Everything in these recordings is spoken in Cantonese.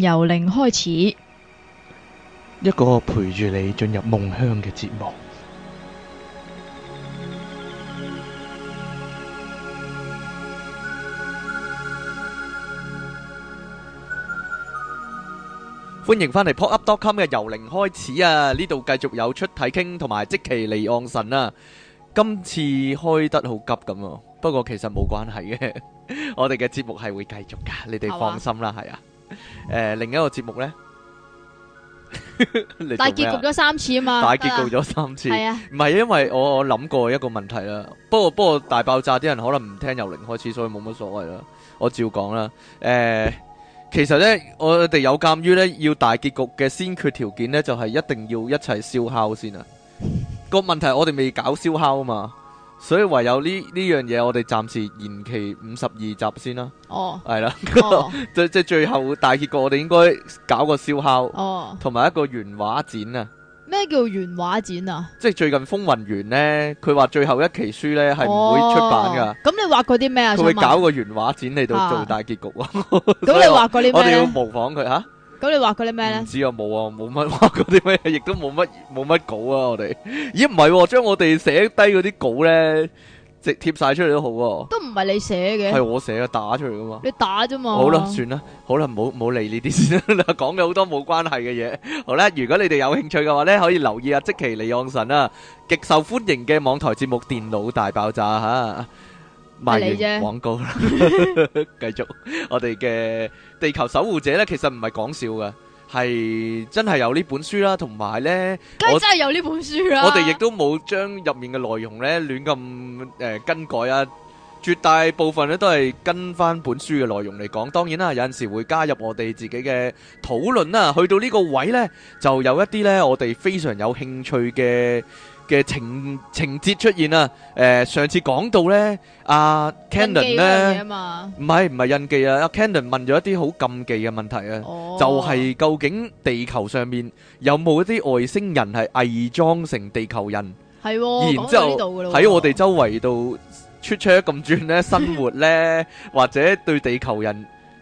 由零開始，一個陪住你進入夢鄉嘅節目。歡迎返嚟 popup.com 嘅由零開始啊！呢度繼續有出體傾同埋即期離岸神啊！今次開得好急咁啊，不過其實冇關係嘅，我哋嘅節目係會繼續噶，你哋放心啦，係啊。誒、呃，另一個節目呢， 大結局咗三次啊嘛， 大結局咗三次，係啊了，唔係，因為我諗過一個問題啦，不過不過大爆炸啲人可能唔聽由零開始，所以冇乜所謂啦，我照講啦，誒、呃，其實呢，我哋有鑒於呢要大結局嘅先決條件呢，就係、是、一定要一齊燒烤先啊，那個問題我哋未搞燒烤啊嘛。所以唯有呢呢樣嘢，我哋暫時延期五十二集先啦。哦，係啦，即即最後大結局，我哋應該搞個燒烤。哦，同埋一個原畫展啊！咩叫原畫展啊？即最近風雲《風雲》完咧，佢話最後一期書咧係唔會出版噶。咁你畫過啲咩啊？佢會搞個原畫展嚟到做大結局啊！咁、啊、 我你畫過啲咩？我哋要模仿佢吓。啊咁你話嗰啲咩咧？唔知啊，冇啊，冇乜話嗰啲咩，亦都冇乜冇乜稿啊！我哋咦唔係，將、啊、我哋寫低嗰啲稿咧，直貼晒出嚟、啊、都好，都唔係你寫嘅，係我寫啊，打出嚟噶嘛，你打啫嘛、啊。好啦，算啦， 好啦，唔好唔好理呢啲先，講咗好多冇關係嘅嘢。好啦，如果你哋有興趣嘅話咧，可以留意阿、啊、即其李昂神啊，極受歡迎嘅網台節目《電腦大爆炸》吓。賣嘢啫，廣告啦。繼續，我哋嘅地球守護者咧，其實唔係講笑嘅，係真係有呢本書啦，同埋咧，我真係有呢本書啊。我哋亦都冇將入面嘅內容咧，亂咁誒更改啊。絕大部分咧都係跟翻本書嘅內容嚟講。當然啦，有陣時會加入我哋自己嘅討論啦。去到呢個位咧，就有一啲咧，我哋非常有興趣嘅。嘅情情節出現啊！誒、呃、上次講到咧，阿 Cannon 咧，唔係唔係印記啊！阿 Cannon、啊、問咗一啲好禁忌嘅問題啊，哦、就係究竟地球上面有冇一啲外星人係偽裝成地球人，係、哦、然之後，喺我哋周圍度 出車咁轉咧生活咧， 或者對地球人。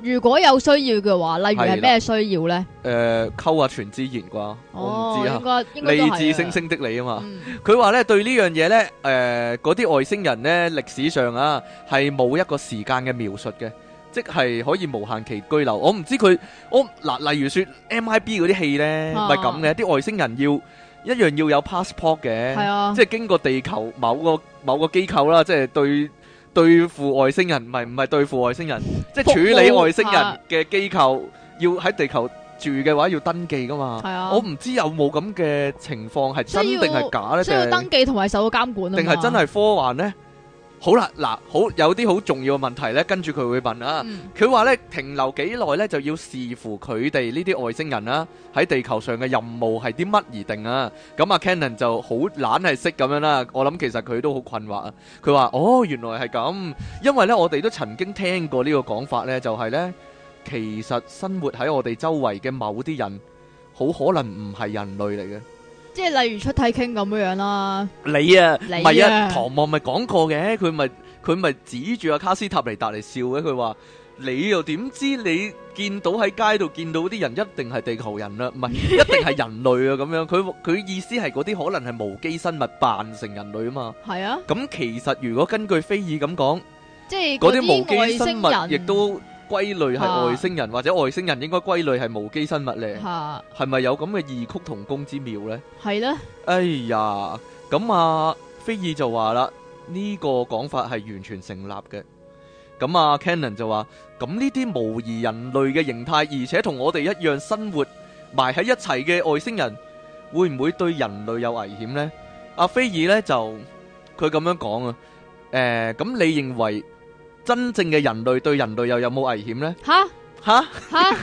如果有需要嘅話，例如係咩需要咧？誒，溝下全知言啩，我唔知啊，應該應該都係。勵志星星的你啊嘛，佢話咧，對呢樣嘢咧，誒，嗰啲外星人咧，歷史上啊係冇一個時間嘅描述嘅，即係可以無限期居留。我唔知佢，我嗱，例如說 MIB 嗰啲戲咧，唔係咁嘅，啲外星人要一樣要有 passport 嘅，即係經過地球某個某個機構啦，即係對。對付外星人唔係，唔係對付外星人，即係處理外星人嘅機構要喺地球住嘅話要登記噶嘛？係是啊，我有有，我唔知有冇咁嘅情況係真定係假咧？需要登記同埋受到監管定係真係科幻咧？好啦，嗱，好有啲好重要嘅問題呢，跟住佢會問啊。佢話、嗯、呢，停留幾耐呢，就要視乎佢哋呢啲外星人啊，喺地球上嘅任務係啲乜而定啊。咁、嗯、啊，Cannon 就好懶係識咁樣啦。我諗其實佢都好困惑啊。佢話：哦，原來係咁，因為呢，我哋都曾經聽過呢個講法呢，就係、是、呢，其實生活喺我哋周圍嘅某啲人，好可能唔係人類嚟嘅。即係例如出體傾咁樣啦，你啊，唔係啊，唐望咪講過嘅，佢咪佢咪指住阿卡斯塔尼達嚟笑嘅，佢話你又點知？你見到喺街度見到啲人一定係地球人啦，唔係一定係人類啊？咁樣佢佢意思係嗰啲可能係無機生物扮成人類啊嘛？係啊，咁其實如果根據菲爾咁講，即係嗰啲無機生物亦都。歸類係外星人，或者外星人應該歸類係無機生物咧，係咪有咁嘅異曲同工之妙咧？係咧，哎呀，咁啊，菲爾就話啦，呢個講法係完全成立嘅。咁啊，Cannon 就話，咁呢啲模擬人類嘅形態，而且同我哋一樣生活埋喺一齊嘅外星人，會唔會對人類有危險咧？阿菲爾咧就佢咁樣講啊，誒，咁你認為？真正嘅人類對人類又有冇危險呢？嚇嚇嚇！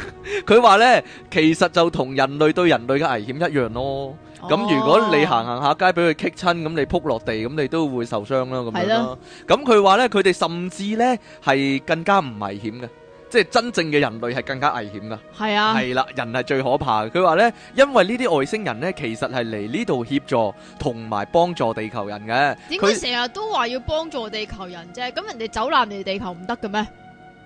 佢話哈 呢，其實就同人類對人類嘅危險一樣咯。咁、哦、如果你行行下街俾佢棘親，咁你撲落地，咁你都會受傷啦。咁樣啦。咁佢話呢，佢哋甚至呢係更加唔危險嘅。即係真正嘅人類係更加危險噶，係啊，係啦，人係最可怕嘅。佢話咧，因為呢啲外星人咧，其實係嚟呢度協助同埋幫助地球人嘅。點解成日都話要幫助地球人啫？咁人哋走難嚟地球唔得嘅咩？誒、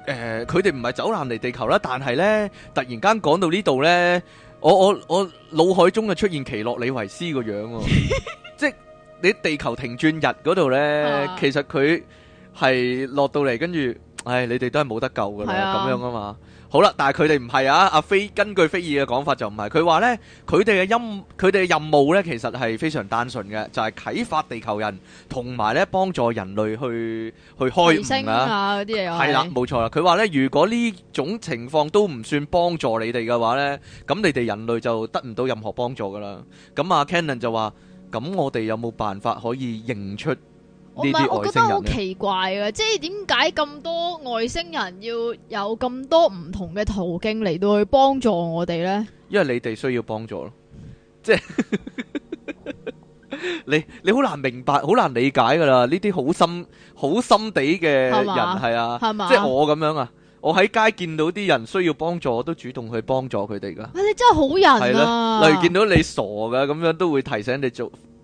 呃，佢哋唔係走難嚟地球啦，但係咧，突然間講到呢度咧，我我我腦海中就出現奇洛李維斯個樣、喔， 即係你地球停轉日嗰度咧，啊、其實佢係落到嚟，跟住。係，你哋都係冇得救㗎喇，咁樣啊嘛。好啦，但係佢哋唔係啊。阿菲根據菲爾嘅講法就唔係，佢話咧，佢哋嘅任佢哋嘅任務咧，其實係非常單純嘅，就係啟發地球人，同埋咧幫助人類去去開悟啊。啲嘢係啦，冇錯啦。佢話咧，如果呢種情況都唔算幫助你哋嘅話咧，咁你哋人類就得唔到任何幫助噶啦。咁阿 Cannon 就話，咁我哋有冇辦法可以認出？我唔係，我覺得好奇怪啊，即係點解咁多外星人要有咁多唔同嘅途徑嚟到去幫助我哋呢？因為你哋需要幫助咯，即係你你好難明白、好難理解噶啦。呢啲好心、好心地嘅人係啊，即係我咁樣啊，我喺街見到啲人需要幫助，我都主動去幫助佢哋噶。喂，你真係好人啊！例如見到你傻噶咁樣，都會提醒你做。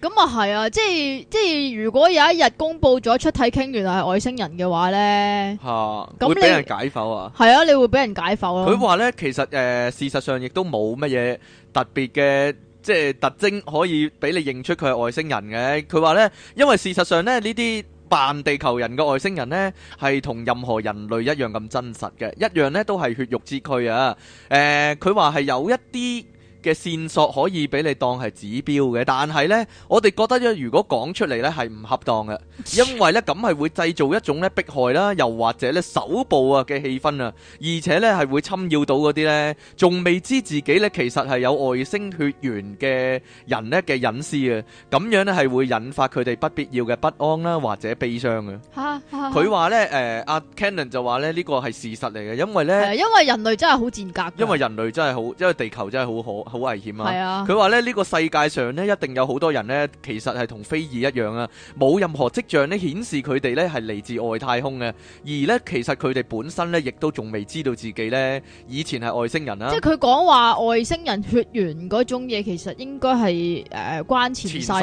咁啊係啊，即係即係，如果有一日公布咗出體傾，原來係外星人嘅話咧，吓，會俾人解剖啊？係啊，你會俾人解剖啊。佢話咧，其實誒，事實上亦都冇乜嘢特別嘅，即係特徵可以俾你認出佢係外星人嘅。佢話咧，因為事實上咧，呢啲扮地球人嘅外星人咧，係同任何人類一樣咁真實嘅，一樣咧都係血肉之軀啊。誒，佢話係有一啲，嘅線索可以俾你當係指標嘅，但係咧，我哋覺得咧，如果講出嚟咧係唔恰當嘅，因為咧咁係會製造一種咧迫害啦，又或者咧手部啊嘅氣氛啊，而且咧係會侵擾到嗰啲咧仲未知自己咧其實係有外星血緣嘅人咧嘅隱私啊，咁樣咧係會引發佢哋不必要嘅不安啦，或者悲傷啊。嚇！佢話咧，誒阿 Cannon 就話咧呢個係事實嚟嘅，因為咧，因為人類真係好賤格，因為人類真係好，因為地球真係好可。好危險啊！係啊，佢話咧，呢個世界上咧，一定有好多人咧，其實係同菲爾一樣啊，冇任何跡象咧顯示佢哋咧係嚟自外太空嘅，而咧其實佢哋本身咧，亦都仲未知道自己咧以前係外星人啦。即係佢講話外星人血緣嗰種嘢，其實應該係誒關前世嗰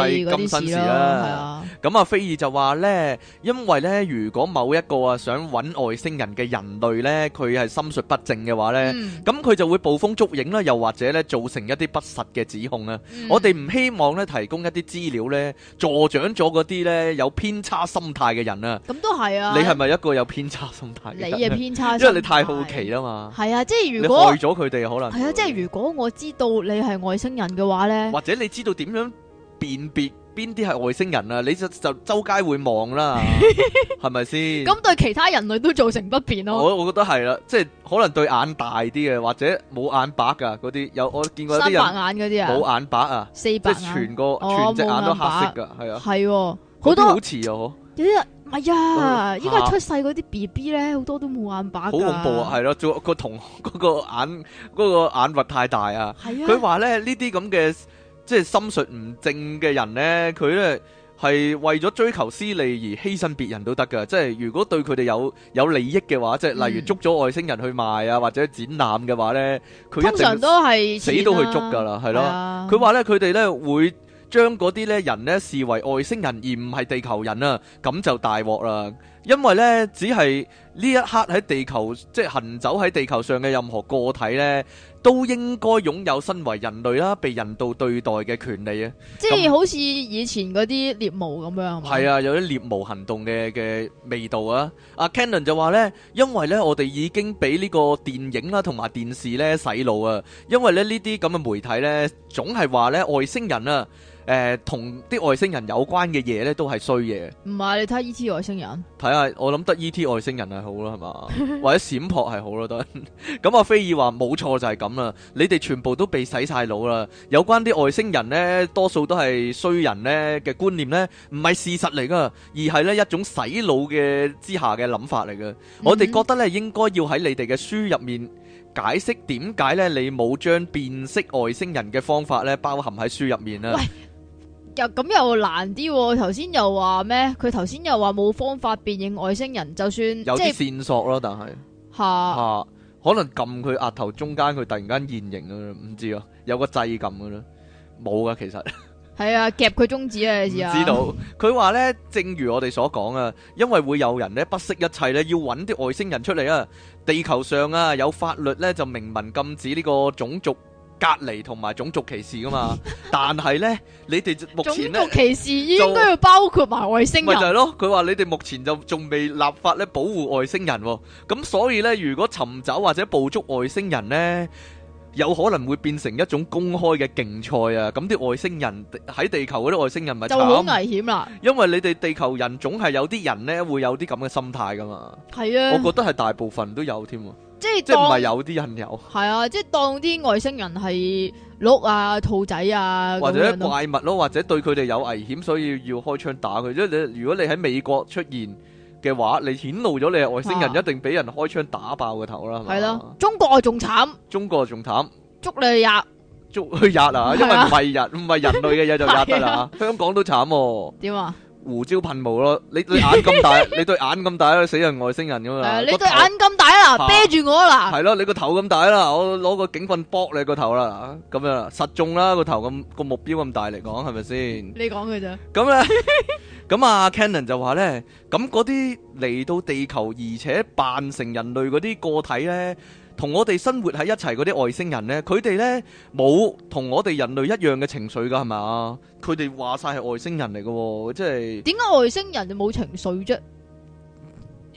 啲事啦。係啊。咁啊，菲爾就話咧，因為咧，如果某一個啊想揾外星人嘅人類咧，佢係心術不正嘅話咧，咁佢就會捕風捉影啦，又或者咧造成。成一啲不實嘅指控啊！嗯、我哋唔希望咧提供一啲資料咧助長咗嗰啲咧有偏差心態嘅人啊！咁都係啊！你係咪一個有偏差心態嘅人？你係偏差心態，因為你太好奇啦嘛。係啊，即係如果你害咗佢哋可能係啊，即係如果我知道你係外星人嘅話咧，或者你知道點樣辨別？邊啲係外星人啊？你就就周街會望啦，係咪先？咁對其他人類都造成不便咯。我我覺得係啦，即係可能對眼大啲嘅，或者冇眼白噶嗰啲，有我見過啲人，三白眼嗰啲啊，冇眼白啊，即係全個全隻眼都黑色噶，係啊，係好多，好似啊，有啲人唔係啊，依家出世嗰啲 BB 咧，好多都冇眼白，好恐怖啊，係咯，個瞳孔嗰個眼嗰個眼核太大啊，佢話咧呢啲咁嘅。即係心術唔正嘅人呢，佢咧係為咗追求私利而犧牲別人都得㗎。即係如果對佢哋有有利益嘅話，即係例如捉咗外星人去賣啊，或者展覽嘅話呢，佢通常都係死都去捉㗎啦，係咯、啊。佢話的、啊、呢，佢哋咧會將嗰啲咧人呢視為外星人而唔係地球人啊，咁就大鑊啦。因為咧，只係呢一刻喺地球，即係行走喺地球上嘅任何個體咧，都應該擁有身為人類啦，被人道對待嘅權利啊！即係是 那好似以前嗰啲獵巫咁樣，係啊，有啲獵巫行動嘅嘅味道啊！阿、啊、Kenon 就話咧，因為咧，我哋已經俾呢個電影啦同埋電視咧洗腦啊！因為咧，呢啲咁嘅媒體咧，總係話咧外星人啊，誒同啲外星人有關嘅嘢咧，都係衰嘢。唔係你睇下呢 t 外星人，睇下。我諗得 E.T. 外星人係好啦，係嘛，或者閃撲係好啦，都哼。咁阿菲爾話冇錯就係咁啦，你哋全部都被洗晒腦啦。有關啲外星人呢，多數都係衰人呢嘅觀念呢，唔係事實嚟噶，而係呢一種洗腦嘅之下嘅諗法嚟嘅。我哋覺得呢，應該要喺你哋嘅書入面解釋點解呢，你冇將辨識外星人嘅方法呢，包含喺書入面啊。又咁又難啲、哦，頭先又話咩？佢頭先又話冇方法辨認外星人，就算有啲線索咯，但係吓哈、啊、可能撳佢額頭中間，佢突然間現形咯，唔知啊，有個掣撳噶咯，冇噶其實係啊，夾佢中指啊，你知啊？知道佢話咧，正如我哋所講啊，因為會有人咧不惜一切咧，要搵啲外星人出嚟啊！地球上啊有法律咧就明文禁止呢個種族。隔離同埋種族歧視噶嘛，但係咧，你哋目前咧，種族歧視應該要包括埋外星人咪就係咯？佢話你哋目前就仲未立法咧保護外星人喎，咁所以咧，如果尋找或者捕捉外星人咧，有可能會變成一種公開嘅競賽啊！咁啲外星人喺地球嗰啲外星人咪就好危險啦。因為你哋地球人總係有啲人咧會有啲咁嘅心態噶嘛，係啊，我覺得係大部分都有添啊。即係即係唔係有啲人有係啊！即係當啲外星人係鹿啊、兔仔啊，或者怪物咯，或者對佢哋有危險，所以要開槍打佢。因為你如果你喺美國出現嘅話，你顯露咗你係外星人，一定俾人開槍打爆個頭啦，係嘛？係咯，中國仲慘，中國仲慘，捉你去壓，捉去壓啊！因為唔係人，唔係人類嘅嘢就壓得啦。香港都慘，點啊？胡椒噴霧咯，你對眼咁大，你對眼咁大啦，死人外星人咁啊！你對眼咁大啦，啤住我啦！係咯，你個頭咁大啦，我攞個警棍搏你個頭啦，咁啊實中啦，個頭咁個目標咁大嚟講係咪先？你講嘅啫。咁咧，咁啊，Cannon 就話咧，咁嗰啲嚟到地球而且扮成人類嗰啲個體咧。同我哋生活喺一齊嗰啲外星人呢，佢哋呢冇同我哋人類一樣嘅情緒噶，係咪？佢哋話晒係外星人嚟嘅，即係點解外星人就冇情緒啫？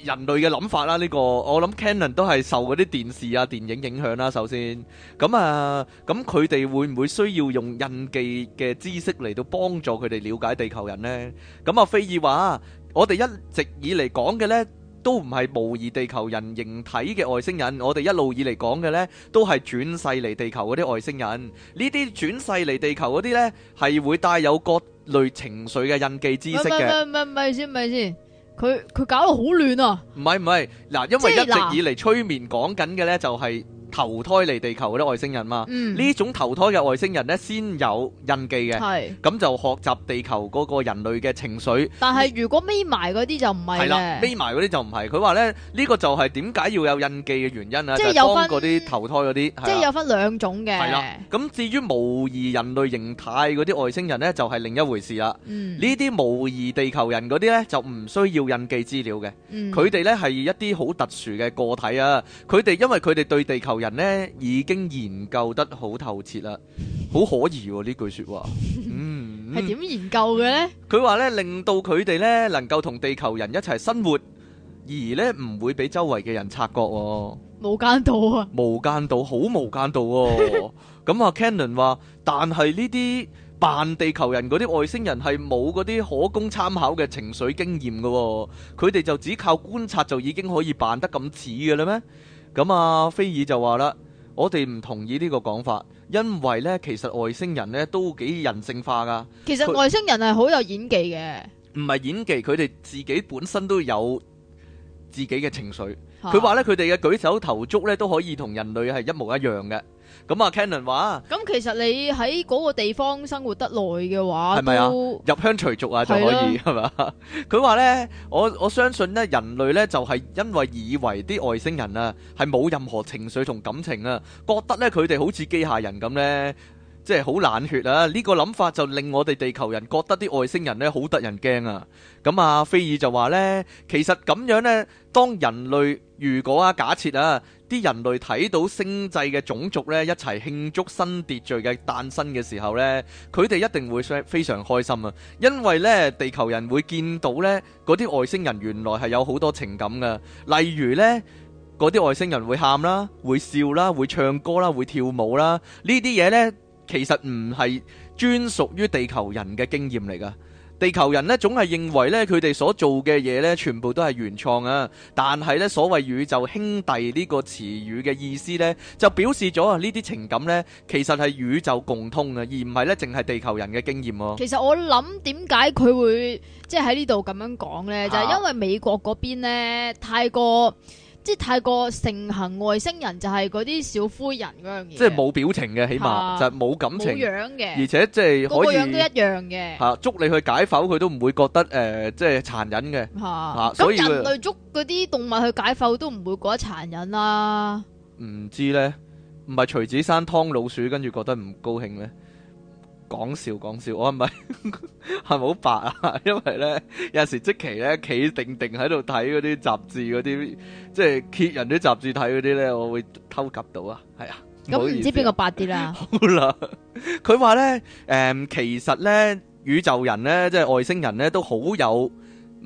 人類嘅諗法啦，呢個我諗 Canon 都係受嗰啲電視啊、電影影響啦。首先，咁啊，咁佢哋會唔會需要用印記嘅知識嚟到幫助佢哋了解地球人呢？咁啊，菲爾話我哋一直以嚟講嘅呢。都唔係模擬地球人形體嘅外星人，我哋一路以嚟講嘅呢，都係轉世嚟地球嗰啲外星人。呢啲轉世嚟地球嗰啲呢，係會帶有各類情緒嘅印記知識嘅。唔係先，唔係先，佢佢搞到好亂啊！唔係唔係，嗱，因為一直以嚟催眠講緊嘅呢，就係。投胎嚟地球嗰啲外星人嘛，呢種投胎嘅外星人咧先有印記嘅，咁就學習地球嗰個人類嘅情緒。但係如果眯埋嗰啲就唔係嘅，眯埋嗰啲就唔係。佢話咧，呢個就係點解要有印記嘅原因啊，即係當嗰啲投胎嗰啲，即係有分兩種嘅。係啦，咁至於模擬人類形態嗰啲外星人咧，就係另一回事啦。呢啲模擬地球人嗰啲咧，就唔需要印記資料嘅。佢哋咧係一啲好特殊嘅個體啊，佢哋因為佢哋對地球人咧已經研究得好透徹啦，好可疑喎、啊、呢句説話。嗯，係、嗯、點 研究嘅咧？佢話咧，令到佢哋咧能夠同地球人一齊生活，而咧唔會俾周圍嘅人察覺、哦。無間道啊！無間道，好無間道喎、哦。咁啊，Canon 話，但係呢啲扮地球人嗰啲外星人係冇嗰啲可供參考嘅情緒經驗嘅喎、哦，佢哋就只靠觀察就已經可以扮得咁似嘅喇咩？咁阿、啊、菲爾就話啦，我哋唔同意呢個講法，因為呢其實外星人呢都幾人性化噶。其實外星人係好有演技嘅，唔係演技，佢哋自己本身都有自己嘅情緒。佢話咧，佢哋嘅舉手投足咧都可以同人類係一模一樣嘅。咁啊，Canon 話，咁其實你喺嗰個地方生活得耐嘅話，係咪都啊？入鄉隨俗啊，就可以係嘛？佢話咧，我我相信咧，人類咧就係、係、因為以為啲外星人啊係冇任何情緒同感情啊，覺得咧佢哋好似機械人咁咧。即係好冷血啊！呢個諗法就令我哋地球人覺得啲外星人呢好得人驚啊！咁啊，菲爾就話呢，其實咁樣呢，當人類如果啊，假設啊，啲人類睇到星際嘅種族呢一齊慶祝新秩序嘅誕生嘅時候呢，佢哋一定會非常開心啊！因為呢，地球人會見到呢，嗰啲外星人原來係有好多情感㗎，例如呢，嗰啲外星人會喊啦，會笑啦，會唱歌啦，會跳舞啦，呢啲嘢呢，其實唔係專屬於地球人嘅經驗嚟㗎，地球人呢，總係認為呢，佢哋所做嘅嘢呢，全部都係原創啊，但係呢，所謂宇宙兄弟呢個詞語嘅意思呢，就表示咗啊呢啲情感呢，其實係宇宙共通啊，而唔係呢，淨係地球人嘅經驗啊。其實我諗點解佢會即係喺呢度咁樣講呢？就係因為美國嗰邊呢，太過。即係太過盛行外星人就係嗰啲小灰人嗰樣嘢，即係冇表情嘅，起碼就係冇感情，冇樣嘅，而且即係個個樣都一樣嘅、啊。嚇，捉你去解剖佢都唔會覺得誒、呃，即係殘忍嘅。嚇，咁人類捉嗰啲動物去解剖都唔會覺得殘忍啦。唔知咧，唔係徐子珊劏老鼠跟住覺得唔高興咩？講笑講笑，我係咪係咪好白啊？ 因為咧有陣時即期咧企定定喺度睇嗰啲雜誌嗰啲，即係揭人啲雜誌睇嗰啲咧，我會偷及到啊。係、哎嗯、啊，咁唔知邊個白啲啦、啊？好啦， 佢話咧，誒，其實咧宇宙人咧，即係外星人咧，都好有。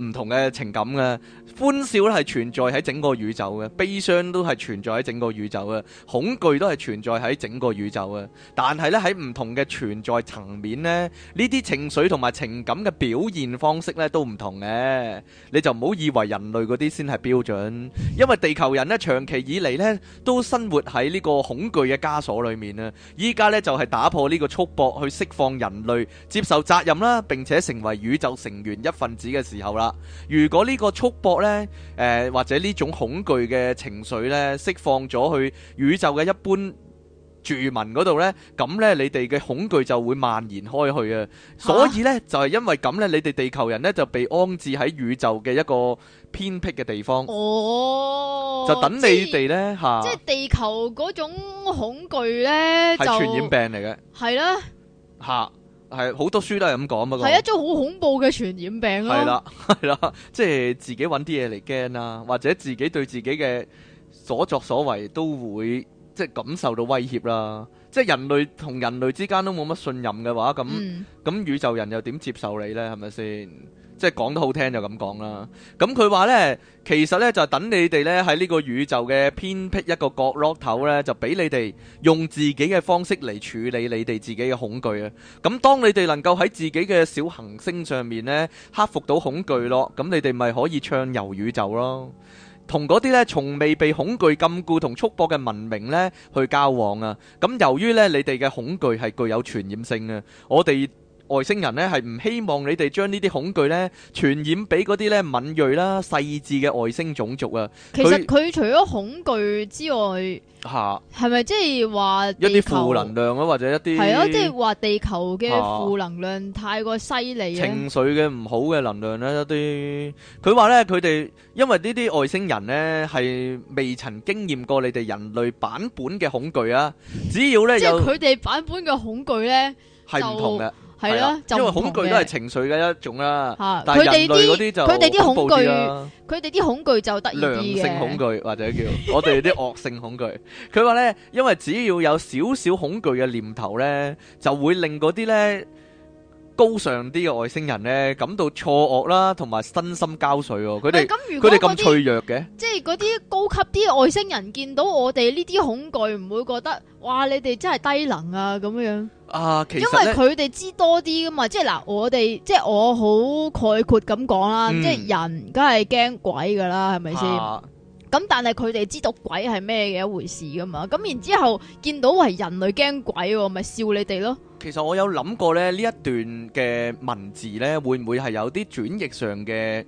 唔同嘅情感嘅歡笑咧係存在喺整個宇宙嘅，悲傷都係存在喺整個宇宙嘅，恐懼都係存在喺整個宇宙嘅。但係咧喺唔同嘅存在層面咧，呢啲情緒同埋情感嘅表現方式咧都唔同嘅。你就唔好以為人類啲先係標準，因為地球人咧長期以嚟咧都生活喺呢個恐懼嘅枷鎖裏面啊，依家咧就係打破呢個束縛，去釋放人類，接受責任啦，並且成為宇宙成員一份子嘅時候啦。如果呢個束縛呢，誒、呃、或者呢種恐懼嘅情緒咧，釋放咗去宇宙嘅一般住民嗰度呢，咁呢，你哋嘅恐懼就會蔓延開去啊！所以呢，啊、就係因為咁呢，你哋地球人呢就被安置喺宇宙嘅一個偏僻嘅地方，哦，就等你哋呢，吓即。啊、即係地球嗰種恐懼呢，係傳染病嚟嘅，係啦吓。係好多書都係咁講啊，係一種好恐怖嘅傳染病咯。係啦，係啦，即係自己揾啲嘢嚟驚啦，或者自己對自己嘅所作所為都會即係感受到威脅啦。即係人類同人類之間都冇乜信任嘅話，咁咁、嗯、宇宙人又點接受你咧？係咪先？即係講得好聽就咁講啦，咁佢話呢，其實呢，就是，等你哋呢喺呢個宇宙嘅偏僻一個角落頭呢，就俾你哋用自己嘅方式嚟處理你哋自己嘅恐懼啊！咁，嗯、當你哋能夠喺自己嘅小行星上面呢克服到恐懼咯，啊，咁，嗯、你哋咪可以暢遊宇宙咯，同嗰啲呢從未被恐懼禁錮同束縛嘅文明呢去交往啊！咁，嗯、由於呢，你哋嘅恐懼係具有傳染性啊，我哋。外星人咧，係唔希望你哋將呢啲恐懼咧，傳染俾嗰啲咧，敏銳啦細緻嘅外星種族啊。其實佢除咗恐懼之外吓，係咪即係話一啲負能量啊，或者一啲係啊，即係話地球嘅負能量太過犀利，啊啊，情緒嘅唔好嘅能量咧，啊，一啲。佢話咧，佢哋因為呢啲外星人咧，係未曾經驗過你哋人類版本嘅恐懼啊，只要咧，即係佢哋版本嘅恐懼咧，係唔同嘅。係啦，因為恐懼都係情緒嘅一種啦。吓、啊，但係人類嗰啲就恐怖啲啦。佢哋啲恐懼，佢哋啲恐懼就得意啲嘅，良性恐懼 或者叫我哋啲惡性恐懼。佢話咧，因為只要有少少恐懼嘅念頭咧，就會令嗰啲咧。高尚啲嘅外星人咧，感到錯愕啦，同埋身心交瘁喎、哦。佢哋咁脆弱嘅，即係嗰啲高級啲嘅外星人，見到我哋呢啲恐懼，唔會覺得哇！你哋真係低能啊咁樣啊，其實因為佢哋知多啲噶嘛，即係嗱，我哋即係我好概括咁講啦，嗯、即係人梗係驚鬼噶啦，係咪先？啊咁但係佢哋知道鬼係咩嘅一回事噶嘛？咁然之後見到係人類驚鬼，咪笑你哋咯。其實我有諗過咧，呢一段嘅文字咧，會唔會係有啲轉譯上嘅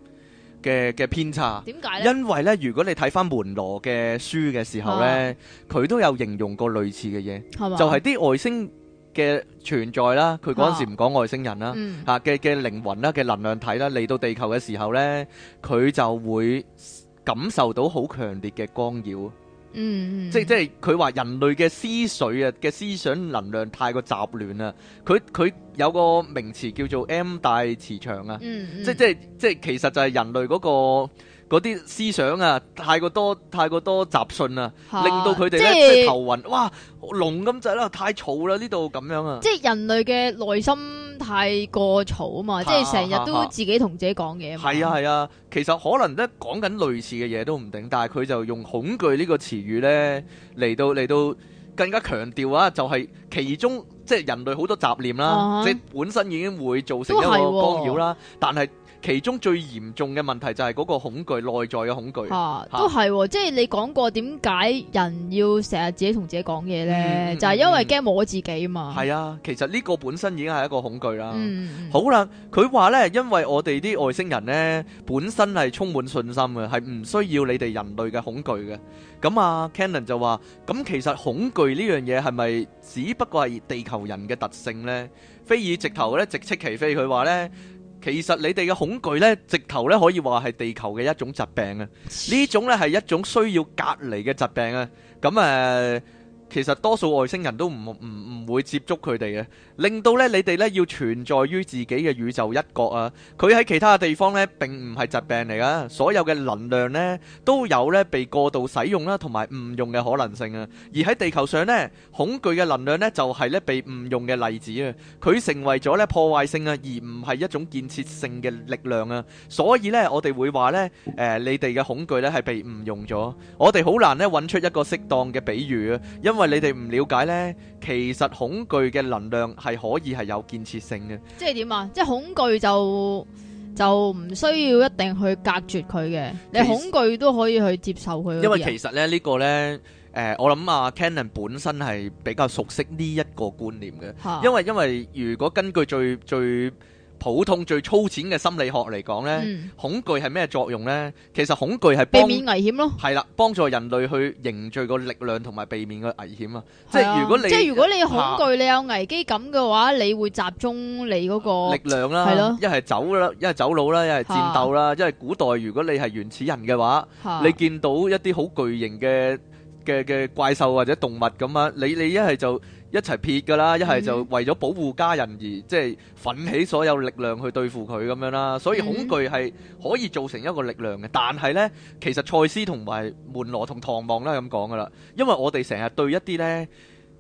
嘅嘅偏差？點解？因為咧，如果你睇返門羅嘅書嘅時候咧，佢都有形容過類似嘅嘢，就係啲外星嘅存在啦。佢嗰陣時唔講外星人啦，吓嘅嘅靈魂啦，嘅能量體啦，嚟到地球嘅時候咧，佢就會感受到好強烈嘅干擾，嗯，即係即係佢話人類嘅思緒啊，嘅思想能量太過雜亂啊，佢佢有個名詞叫做 M 大磁場啊，嗯，嗯，即係即係即係其實就係人類嗰個嗰啲思想啊，太過多太過多雜訊啊，令到佢哋咧即係頭暈，哇，龍咁滯啦，太嘈啦呢度咁樣啊，即係人類嘅內心。太過嘈啊嘛，啊即係成日都自己同自己講嘢啊嘛。係啊係啊，啊，其實可能咧講緊類似嘅嘢都唔定，但係佢就用恐懼呢個詞語呢嚟到嚟到更加強調啊，就係、是、其中即係人類好多雜念啦、啊，啊、即係本身已經會造成一個干擾啦，啊、但係。其中最嚴重嘅問題就係嗰個恐懼，內在嘅恐懼。嚇、啊，都係、哦，啊、即係你講過點解人要成日自己同自己講嘢呢？嗯嗯、就係因為驚冇咗自己嘛。係啊，其實呢個本身已經係一個恐懼啦。嗯、好啦，佢話呢，因為我哋啲外星人呢，本身係充滿信心嘅，係唔需要你哋人類嘅恐懼嘅。咁啊，Cannon 就話：，咁、嗯、其實恐懼呢樣嘢係咪只不過係地球人嘅特性呢？菲爾直頭咧，直斥其非，佢話呢。其實你哋嘅恐懼咧，直頭咧可以話係地球嘅一種疾病啊！種呢種咧係一種需要隔離嘅疾病啊！咁誒、啊。其實多數外星人都唔唔唔會接觸佢哋嘅，令到咧你哋咧要存在於自己嘅宇宙一角啊！佢喺其他嘅地方咧，並唔係疾病嚟噶，所有嘅能量咧都有咧被過度使用啦，同埋誤用嘅可能性啊！而喺地球上咧，恐懼嘅能量咧就係咧被誤用嘅例子啊！佢成為咗咧破壞性啊，而唔係一種建設性嘅力量啊！所以咧，我哋會話咧誒，你哋嘅恐懼咧係被誤用咗，我哋好難咧揾出一個適當嘅比喻啊，因為。你哋唔了解呢，其實恐懼嘅能量係可以係有建設性嘅。即係點啊？即係恐懼就就唔需要一定去隔絕佢嘅，你恐懼都可以去接受佢。因為其實呢呢個呢，誒我諗啊，Cannon 本身係比較熟悉呢一個觀念嘅。因為因為如果根據最最。普通最粗淺嘅心理學嚟講呢，恐懼係咩作用呢？其實恐懼係避免危險咯，係啦，幫助人類去凝聚個力量同埋避免個危險啊！即係如果你即係如果你恐懼，你有危機感嘅話，你會集中你嗰個力量啦，係咯，一係走啦，一係走佬啦，一係戰鬥啦，因為古代如果你係原始人嘅話，你見到一啲好巨型嘅嘅嘅怪獸或者動物咁啊，你你一係就。一齊撇噶啦，一係就為咗保護家人而即係奮起所有力量去對付佢咁樣啦。所以恐懼係可以造成一個力量嘅，但係咧，其實賽斯同埋門羅同唐望都係咁講噶啦，因為我哋成日對一啲咧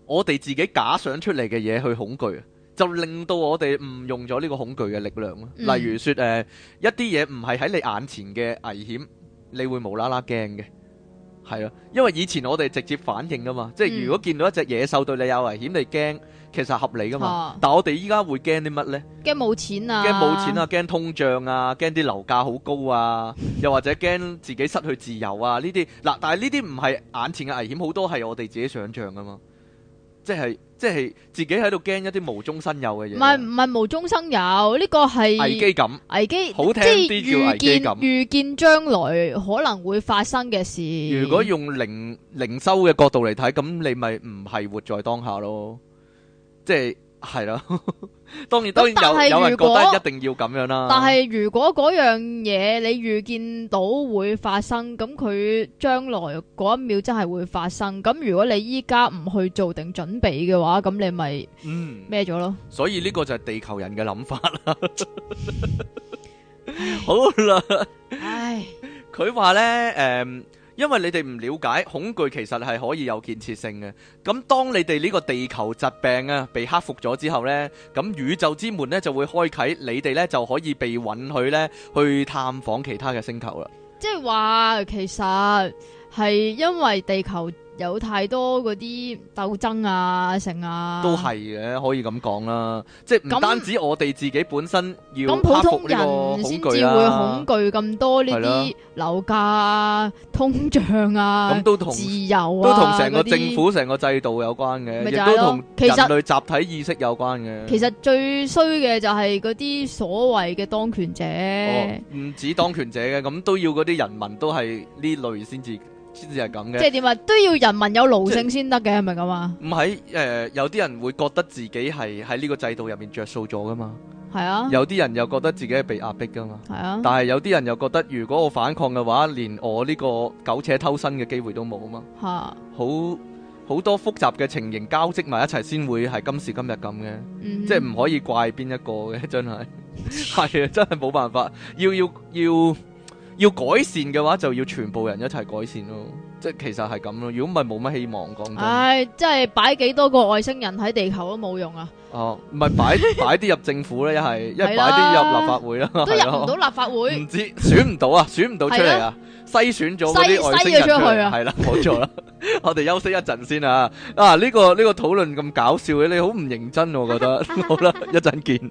我哋自己假想出嚟嘅嘢去恐懼，就令到我哋誤用咗呢個恐懼嘅力量咯。例如説誒，一啲嘢唔係喺你眼前嘅危險，你會無啦啦驚嘅。係啊，因為以前我哋直接反應噶嘛，即係如果見到一隻野獸對你有危險，你驚，其實合理噶嘛。啊、但係我哋依家會驚啲乜呢？驚冇錢啊！驚冇錢啊！驚通脹啊！驚啲樓價好高啊！又或者驚自己失去自由啊？呢啲嗱，但係呢啲唔係眼前嘅危險，好多係我哋自己想象噶嘛。即係即係自己喺度驚一啲無中生有嘅嘢，唔係唔係無中生有，呢個係危機感，危機好聽啲叫危機感，預見將來可能會發生嘅事。如果用靈靈修嘅角度嚟睇，咁你咪唔係活在當下咯，即係。係咯，當然當然有有人覺得一定要咁樣啦。但係如果嗰樣嘢你預見到會發生，咁佢將來嗰一秒真係會發生，咁如果你依家唔去做定準備嘅話，咁你咪嗯咩咗咯。所以呢個就係地球人嘅諗法啦。好啦，唉，佢話咧誒。因為你哋唔了解恐懼，其實係可以有建設性嘅。咁當你哋呢個地球疾病啊被克服咗之後呢，咁宇宙之門咧就會開啟，你哋咧就可以被允許咧去探訪其他嘅星球啦。即係話，其實係因為地球。有太多嗰啲鬥爭啊，成啊，都係嘅，可以咁講啦，即係唔單止我哋自己本身要、嗯、克服、啊、普通人先至會，恐懼咁多呢啲樓價通脹啊、脹啊嗯嗯、都同自由啊都同成個政府成些個制度有關嘅，亦都同人類集體意識有關嘅。其實最衰嘅就係嗰啲所謂嘅當權者，唔、哦、止當權者嘅，咁都要嗰啲人民都係呢類先至。先至係咁嘅，即係點啊？都要人民有奴性先得嘅，係咪咁啊？唔係，誒、呃，有啲人會覺得自己係喺呢個制度入邊着數咗噶嘛？係是啊。有啲人又覺得自己係被壓迫噶嘛？係是啊。但係有啲人又覺得，如果我反抗嘅話，連我呢個苟且偷生嘅機會都冇啊嘛？吓是、啊。好好多複雜嘅情形交織埋一齊，先會係今時今日咁嘅，嗯、哼 即係唔可以怪邊一個嘅，真係係啊， 真係冇辦法，要要要。要要要要要改善嘅話，就要全部人一齊改善咯，即係其實係咁咯。如果唔係，冇乜希望講真。唉，即係擺幾多個外星人喺地球都冇用啊！哦，唔係擺，擺啲 入政府咧，啦一係一擺啲入立法會啦，都入唔到立法會，唔 知選唔到啊，選唔到出嚟啊，篩、啊、選咗嗰啲外星人，篩咗出去啊，係啦，冇錯啦， 我哋休息一陣先啊！啊，呢、這個呢、這個討論咁搞笑嘅，你好唔認真我覺得， 好啦，一陣見。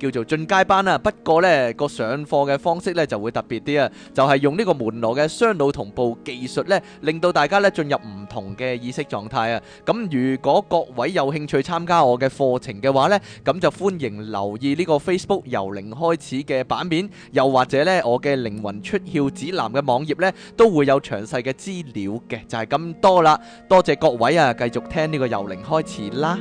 叫做進階班啊，不過呢個上課嘅方式呢就會特別啲啊，就係用呢個門羅嘅雙腦同步技術呢，令到大家呢進入唔同嘅意識狀態啊。咁如果各位有興趣參加我嘅課程嘅話呢，咁就歡迎留意呢個 Facebook 由零開始嘅版面，又或者呢我嘅靈魂出竅指南嘅網頁呢都會有詳細嘅資料嘅，就係咁多啦。多謝各位啊，繼續聽呢個由零開始啦。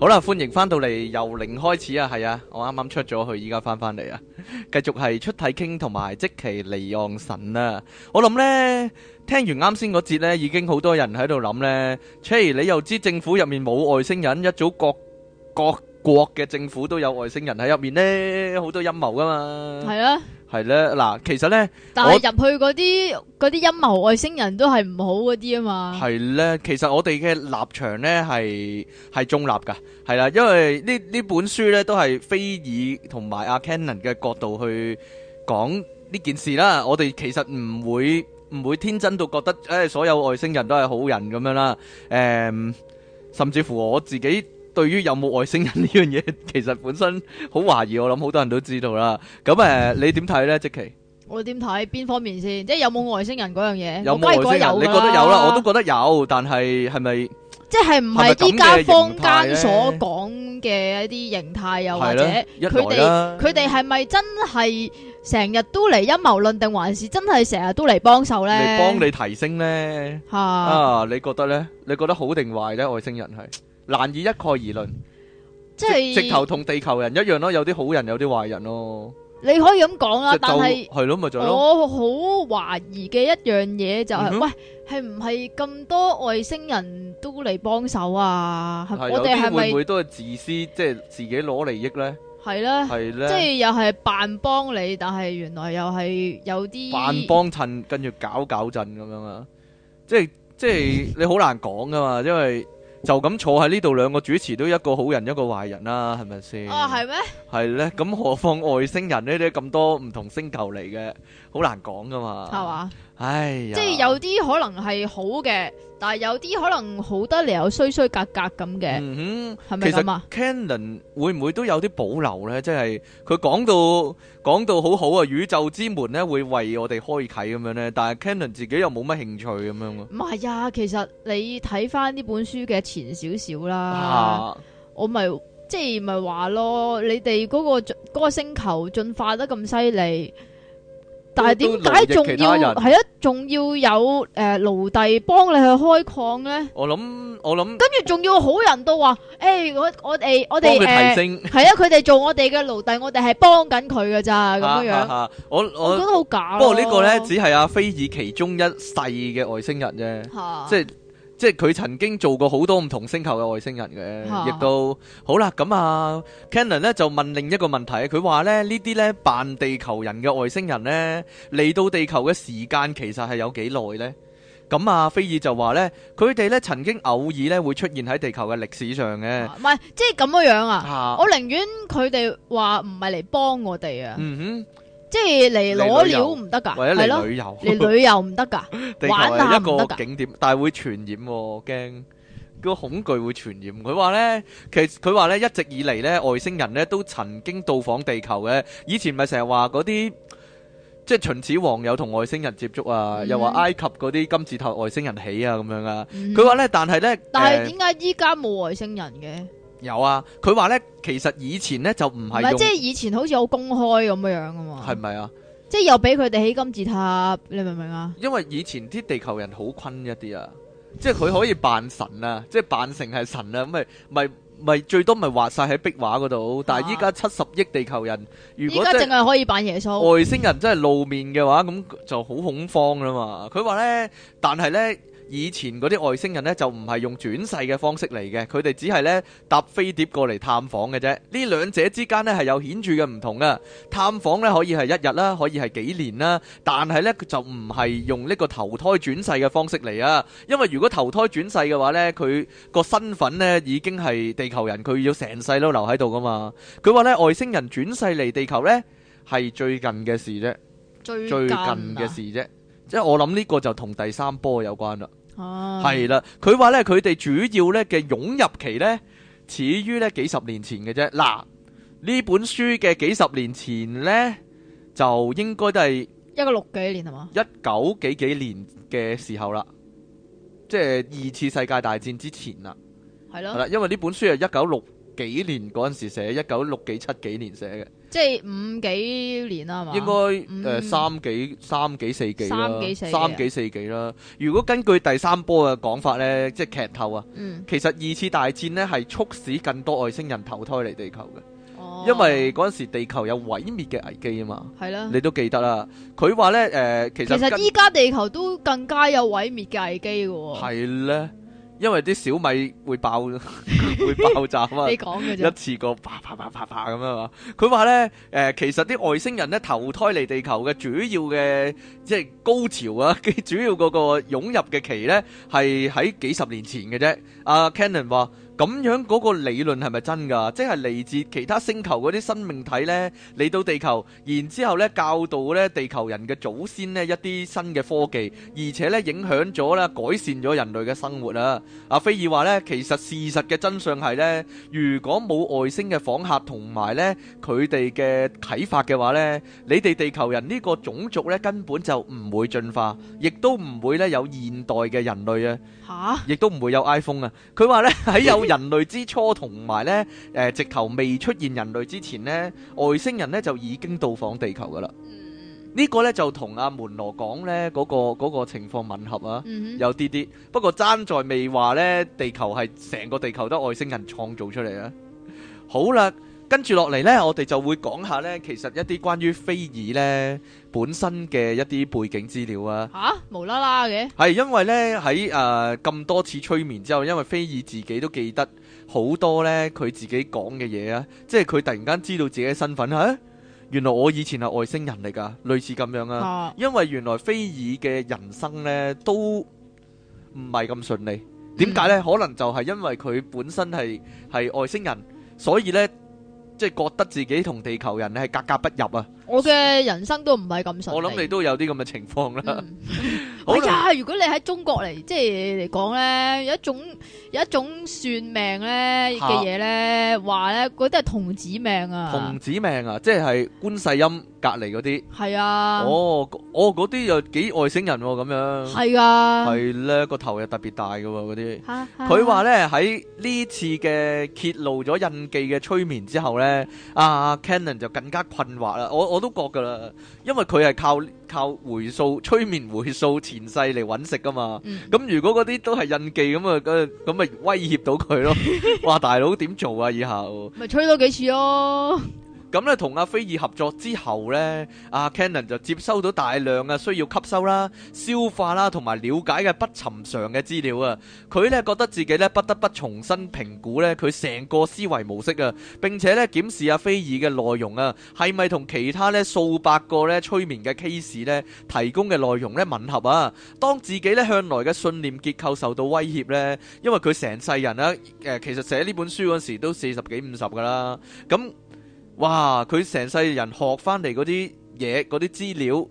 好啦，歡迎翻到嚟由零開始啊，係啊，我啱啱出咗去，依家翻返嚟啊，繼續係出體傾同埋即期離岸神啊。我諗呢，聽完啱先嗰節呢，已經好多人喺度諗呢。雖然你又知政府入面冇外星人，一早各，各國嘅政府都有外星人喺入面呢，好多陰謀噶嘛。係啊。係咧，嗱，其實咧，但係入去嗰啲嗰啲陰謀外星人都係唔好嗰啲啊嘛。係咧，其實我哋嘅立場咧，係係中立噶，係啦，因為呢呢本書咧都係菲爾同埋阿 Cannon 嘅角度去講呢件事啦。我哋其實唔會唔會天真到覺得，誒、哎，所有外星人都係好人咁樣啦。誒、嗯，甚至乎我自己。對於有冇外星人呢樣嘢，其實本身好懷疑，我諗好多人都知道啦。咁誒，你點睇咧？即奇，我點睇邊方面先？即係有冇外星人嗰樣嘢？有冇外星人？你覺得有啦，我都覺得有，但係係咪？即係唔係依家坊間所講嘅一啲形態，又或者佢哋佢哋係咪真係成日都嚟陰謀論定還是真係成日都嚟幫手咧？幫你提升咧？啊，你覺得咧？你覺得好定壞咧？外星人係？難以一概而論，即係直頭同地球人一樣咯，有啲好人，有啲壞人咯。你可以咁講啊，但係係咯，咪就係。我好懷疑嘅一樣嘢就係，喂，係唔係咁多外星人都嚟幫手啊？係，我哋係咪都會係自私，即係自己攞利益呢？係呢，係呢，即係又係扮幫你，但係原來又係有啲扮幫襯，跟住搞搞震咁樣啊！即係即係你好難講噶嘛，因為。就咁坐喺呢度，兩個主持都一個好人一個壞人啦，係咪先？哦、啊，係咩？係咧，咁何況外星人呢啲咁多唔同星球嚟嘅，好難講噶嘛。係嘛？哎、呀即係有啲可能係好嘅，但係有啲可能好得嚟又衰衰格格咁嘅，係咪啊？嗯哼其實 Cannon 會唔會都有啲保留咧？即係佢講到講到好好啊，宇宙之門咧會為我哋開啟咁樣咧，但係 Cannon 自己又冇乜興趣咁樣咯。唔係啊，其實你睇翻呢本書嘅前少少啦，啊、我咪即係咪話咯？你哋嗰、嗰個、嗰個星球進化得咁犀利。但係點解仲要係啊？仲要有誒、呃、奴隸幫你去開礦咧？我諗我諗，跟住仲要好人都話誒、欸，我哋我哋誒係啊，佢哋做我哋嘅奴隸，我哋係幫緊佢嘅咋咁樣樣。我我覺得好假。不過個呢個咧只係阿菲爾其中一世嘅外星人啫，啊、即係。即係佢曾經做過好多唔同星球嘅外星人嘅，亦、啊、都好啦。咁啊，Cannon 咧就問另一個問題，佢話咧呢啲咧扮地球人嘅外星人咧嚟到地球嘅時間其實係有幾耐咧？咁啊，菲爾就話咧佢哋咧曾經偶爾咧會出現喺地球嘅歷史上嘅，唔係即係咁樣啊！啊我寧願佢哋話唔係嚟幫我哋啊。嗯哼。即係嚟攞料唔得噶，係咯，嚟旅遊唔得噶，玩下得噶。 地球係一個景點玩玩，但係會傳染，、哦、染，驚個恐懼會傳染。佢話呢，其實佢話呢，一直以嚟呢，外星人呢都曾經到訪地球嘅。以前咪成日話嗰啲，即係秦始皇有同外星人接觸啊，嗯、又話埃及嗰啲金字塔外星人起啊咁樣啊。佢話、嗯、呢，但係呢，但係點解依家冇外星人嘅？有啊，佢話咧，其實以前咧就唔係，即係以前好似好公開咁樣樣噶嘛，係咪啊？即係又俾佢哋起金字塔，你明唔明啊？因為以前啲地球人好坤一啲啊，即係佢可以扮神啊， 即係扮成係神啊，咁咪咪咪最多咪畫晒喺壁畫嗰度。啊、但係依家七十億地球人，如果依家淨係可以扮耶穌，外星人真係露面嘅話，咁 就好恐慌噶嘛。佢話咧，但係咧。以前嗰啲外星人呢，就唔係用轉世嘅方式嚟嘅，佢哋只係呢搭飛碟過嚟探訪嘅啫。呢兩者之間呢係有顯著嘅唔同啊。探訪呢，可以係一日啦，可以係幾年啦，但係呢，就唔係用呢個投胎轉世嘅方式嚟啊。因為如果投胎轉世嘅話呢，佢個身份呢已經係地球人，佢要成世都留喺度㗎嘛。佢話呢，外星人轉世嚟地球呢，係最近嘅事啫，最近嘅、啊、事啫。即係我諗呢個就同第三波有關啦。係啦，佢話咧佢哋主要咧嘅湧入期咧，始於咧幾十年前嘅啫。嗱，呢本書嘅幾十年前呢，就應該都係一九六幾年係嘛？一九幾幾年嘅時候啦，即係二次世界大戰之前啦，係咯，係啦，因為呢本書係一九六幾年嗰陣時寫，一九六幾七幾年寫嘅。即係五幾年啦，嘛？應該誒三幾三幾四幾三幾四三幾四幾啦。如果根據第三波嘅講法咧，即係劇透啊，嗯、其實二次大戰咧係促使更多外星人投胎嚟地球嘅，哦、因為嗰陣時地球有毀滅嘅危機啊嘛。係啦呢，你都記得啦。佢話咧誒，其實其實依家地球都更加有毀滅嘅危機嘅、哦。係咧。因為啲小米會爆，會爆炸啊！ 你講嘅啫，一次過啪啪啪啪啪咁樣嘛！佢話咧，誒其實啲外星人咧投胎嚟地球嘅主要嘅，即係高潮啊！主要嗰個湧入嘅期咧，係喺幾十年前嘅啫。啊、阿 Kenan 話。咁樣嗰個理論係咪真噶即係嚟自其他星球嗰啲生命體呢，嚟到地球，然之後呢教導呢地球人嘅祖先呢一啲新嘅科技，而且呢影響咗呢改善咗人類嘅生活啦。阿菲爾話呢，其實事實嘅真相係呢，如果冇外星嘅訪客同埋呢佢哋嘅啟發嘅話呢，你哋地球人呢個種族呢根本就唔會進化，亦都唔會呢有現代嘅人類啊！亦都唔會有 iPhone 啊！佢話咧喺有人類之初同埋咧，誒、呃、直頭未出現人類之前咧，外星人咧就已經到訪地球噶啦。呢、mm hmm. 個呢，就同阿門羅講呢嗰、嗰個嗰個情況吻合啊，有啲啲。不過爭在未話呢，地球係成個地球都係外星人創造出嚟啊！ 好啦。跟住落嚟呢，我哋就會講下呢，其實一啲關於菲爾呢本身嘅一啲背景資料啊。吓，無啦啦嘅。係因為呢喺，誒、咁多次催眠之後，因為菲爾自己都記得好多呢，佢自己講嘅嘢啊，即係佢突然間知道自己嘅身份吓，原來我以前係外星人嚟噶，類似咁樣啊。因為原來菲爾嘅人生呢都唔係咁順利，點解呢？可能就係因為佢本身係係外星人，所以呢。即係覺得自己同地球人係格格不入啊。我嘅人生都唔係咁順利，我諗你都有啲咁嘅情況啦。哎呀，如果你喺中國嚟，即係嚟講咧，有一種有一種算命咧嘅嘢咧，話咧嗰啲係童子命啊，童子命啊，即係觀世音隔籬嗰啲。係啊，哦，哦嗰啲又幾外星人咁樣，係啊，係啦，個頭又特別大嘅喎嗰啲。佢話咧喺呢次嘅揭露咗印記嘅催眠之後咧，阿 Canon 就更加困惑啦。我我。我都覺噶啦，因為佢係靠靠回溯催眠回溯前世嚟揾食噶嘛。咁、嗯、如果嗰啲都係印記咁啊，咁咪威脅到佢咯？話 大佬點做啊？以後咪催多幾次咯。咁咧，同阿菲爾合作之後呢，阿 Cannon 就接收到大量啊，需要吸收啦、消化啦，同埋了解嘅不尋常嘅資料啊。佢呢，覺得自己呢，不得不重新評估呢，佢成個思維模式啊。並且呢檢視阿菲爾嘅內容啊，係咪同其他呢數百個呢催眠嘅 case 呢提供嘅內容呢吻合啊？當自己呢向來嘅信念結構受到威脅呢，因為佢成世人啦，誒其實寫呢本書嗰時都四十幾五十噶啦，咁。哇！佢成世人學翻嚟嗰啲嘢，嗰啲資料、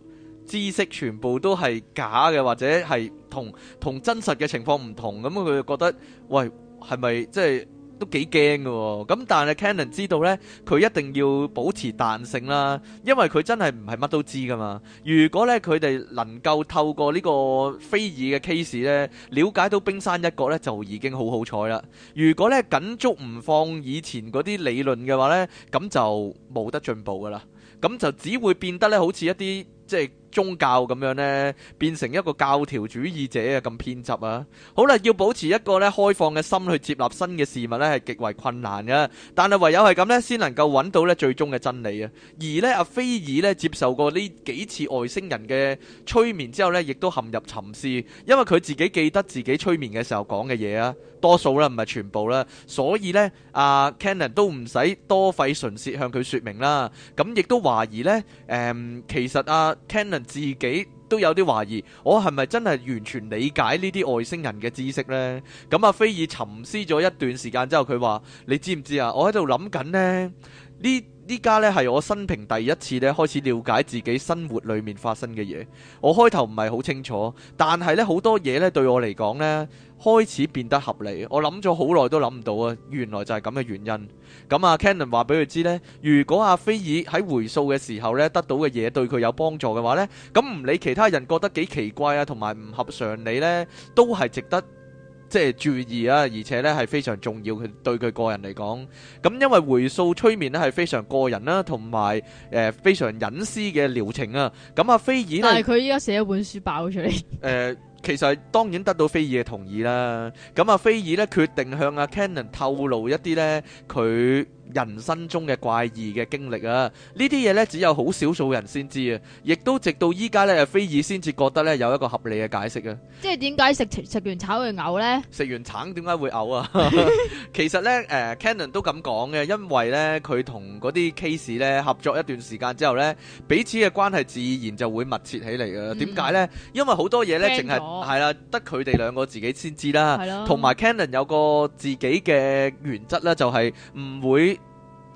知識，全部都係假嘅，或者係同同真實嘅情況唔同，咁佢就覺得，喂，係咪即係？就是都幾驚嘅喎，咁但係 Canon 知道呢，佢一定要保持彈性啦，因為佢真係唔係乜都知噶嘛。如果呢，佢哋能夠透過呢個菲爾嘅 case 呢，了解到冰山一角呢，就已經好好彩啦。如果呢，緊捉唔放以前嗰啲理論嘅話呢，咁就冇得進步噶啦，咁就只會變得呢，好似一啲即係宗教咁樣咧，變成一個教條主義者啊，咁偏執啊！好啦，要保持一個咧開放嘅心去接納新嘅事物咧，係極為困難嘅。但係唯有係咁咧，先能夠揾到咧最終嘅真理啊！而咧阿菲爾咧接受過呢幾次外星人嘅催眠之後咧，亦都陷入沉思，因為佢自己記得自己催眠嘅時候講嘅嘢啊，多數啦，唔係全部啦。所以咧，阿 Cannon 都唔使多費唇舌向佢説明啦。咁亦都懷疑咧，誒，其實阿 Cannon，自己都有啲懷疑，我係咪真係完全理解呢啲外星人嘅知識呢？咁、啊、阿菲爾沉思咗一段時間之後，佢話：你知唔知啊？我喺度諗緊呢，呢家呢係我生平第一次咧開始了解自己生活裏面發生嘅嘢。我開頭唔係好清楚，但係呢好多嘢咧對我嚟講呢，開始變得合理。我諗咗好耐都諗唔到啊，原來就係咁嘅原因。咁啊，Cannon 話俾佢知呢，如果阿菲爾喺回溯嘅時候呢，得到嘅嘢對佢有幫助嘅話呢，咁唔理其他人覺得幾奇怪啊，同埋唔合常理呢，都係值得即係注意啊，而且呢係非常重要，佢對佢個人嚟講，咁因為回溯催眠咧係非常個人啦、啊，同埋誒非常隱私嘅療程啊，咁阿菲爾但係佢依家寫一本書爆出嚟、呃，誒。 其實係當然得到菲爾嘅同意啦，咁阿菲爾咧決定向阿 Canon 透露一啲咧佢人生中嘅怪異嘅經歷啊，呢啲嘢咧只有好少數人先知啊，亦都直到依家咧，菲爾先至覺得咧有一個合理嘅解釋啊。即係點解食食完炒會嘔呢？食完橙點解會嘔啊？ 其實咧，誒、呃、Cannon 都咁講嘅，因為咧，佢同嗰啲 case 咧合作一段時間之後咧，彼此嘅關係自然就會密切起嚟嘅。點解咧？因為好多嘢咧，淨係係啦，得佢哋兩個自己先知啦。同埋 Cannon 有個自己嘅原則咧，就係、是、唔會。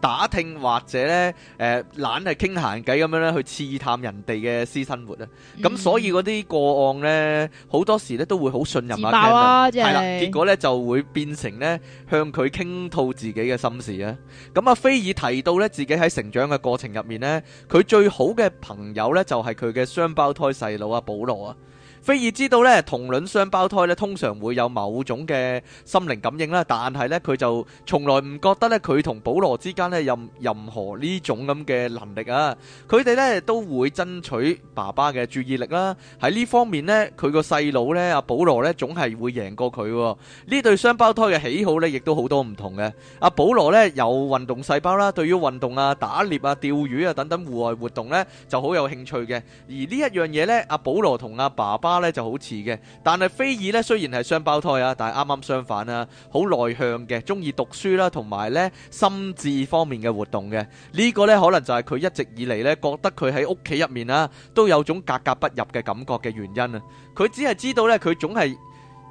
打聽或者咧，誒、呃，懶係傾閒偈咁樣咧，去刺探人哋嘅私生活、嗯、啊。咁所以嗰啲個案咧，好多時咧都會好信任阿 Ken，係啦，結果咧就會變成咧向佢傾吐自己嘅心事啊。咁阿菲爾提到咧，自己喺成長嘅過程入面咧，佢最好嘅朋友咧就係佢嘅雙胞胎細佬阿保羅啊。菲爾知道咧，同卵雙胞胎咧通常會有某種嘅心靈感應啦，但係咧佢就從來唔覺得咧佢同保羅之間咧任任何呢種咁嘅能力啊。佢哋咧都會爭取爸爸嘅注意力啦。喺呢方面咧，佢個細佬咧阿保羅咧總係會贏過佢。呢對雙胞胎嘅喜好咧亦都好多唔同嘅。阿保羅咧有運動細胞啦，對於運動啊、打獵啊、釣魚啊等等戶外活動咧就好有興趣嘅。而呢一樣嘢咧，阿保羅同阿爸爸。就好似嘅，但係菲爾咧雖然係雙胞胎啊，但係啱啱相反啊。好內向嘅，中意讀書啦，同埋咧心智方面嘅活動嘅呢、呢個呢，可能就係佢一直以嚟咧覺得佢喺屋企入面啦，都有種格格不入嘅感覺嘅原因啊。佢只係知道呢，佢總係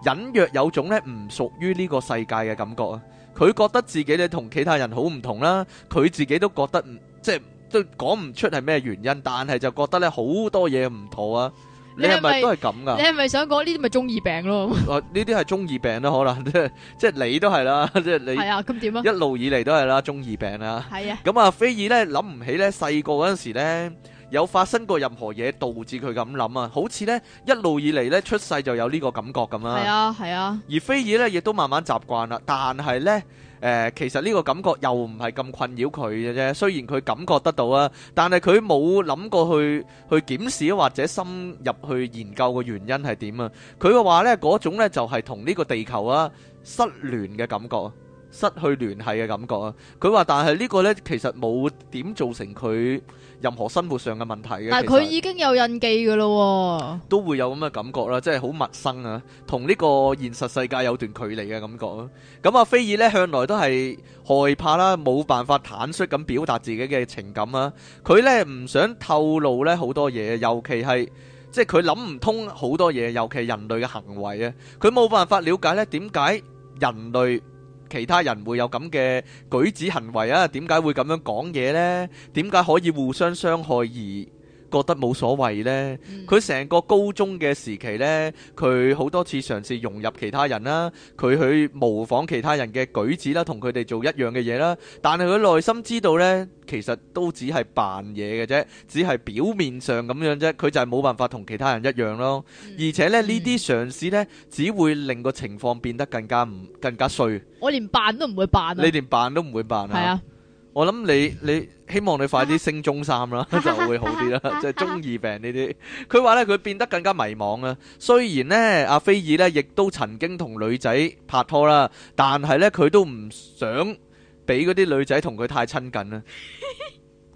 隱約有種咧唔屬於呢個世界嘅感覺啊。佢覺得自己咧同其他人好唔同啦，佢自己都覺得唔即係都講唔出係咩原因，但係就覺得咧好多嘢唔妥啊。你係咪都係咁噶？你係咪想講呢啲咪中二病咯？呢啲係中二病都可能，即係即係你都係啦，即係你係啊。咁點啊？一路以嚟都係啦，中二病啦。係啊。咁啊，菲爾咧諗唔起咧，細個嗰陣時咧有發生過任何嘢導致佢咁諗啊，好似咧一路以嚟咧出世就有呢個感覺咁啊。係啊，係啊。而菲爾咧亦都慢慢習慣啦，但係咧。誒，其實呢個感覺又唔係咁困擾佢嘅啫，雖然佢感覺得到啊，但係佢冇諗過去去檢視或者深入去研究個原因係點啊。佢嘅話咧，嗰種咧就係同呢個地球啊失聯嘅感覺，失去聯繫嘅感覺啊。佢話，但係呢個咧其實冇點造成佢。任何生活上嘅問題嘅，但佢已經有印記嘅咯，都會有咁嘅感覺啦，即係好陌生啊，同呢個現實世界有段距離嘅感覺咯。咁阿菲爾呢向來都係害怕啦，冇辦法坦率咁表達自己嘅情感啊。佢呢唔想透露呢好多嘢，尤其係即係佢諗唔通好多嘢，尤其係人類嘅行為啊，佢冇辦法了解呢點解人類。其他人會有咁嘅舉止行為啊？點解會咁樣講嘢呢？點解可以互相傷害而，覺得冇所謂呢，佢成個高中嘅時期呢，佢好多次嘗試融入其他人啦，佢去模仿其他人嘅舉止啦，同佢哋做一樣嘅嘢啦。但係佢內心知道呢，其實都只係扮嘢嘅啫，只係表面上咁樣啫。佢就係冇辦法同其他人一樣咯。而且呢，呢啲嘗試呢，只會令個情況變得更加唔更加衰。我連扮都唔會扮。你連扮都唔會扮啊？係啊。我諗你你希望你快啲升中三啦，就會好啲啦，即係中二病呢啲。佢話咧佢變得更加迷茫啦。雖然咧阿菲爾咧亦都曾經同女仔拍拖啦，但係咧佢都唔想俾嗰啲女仔同佢太親近啦。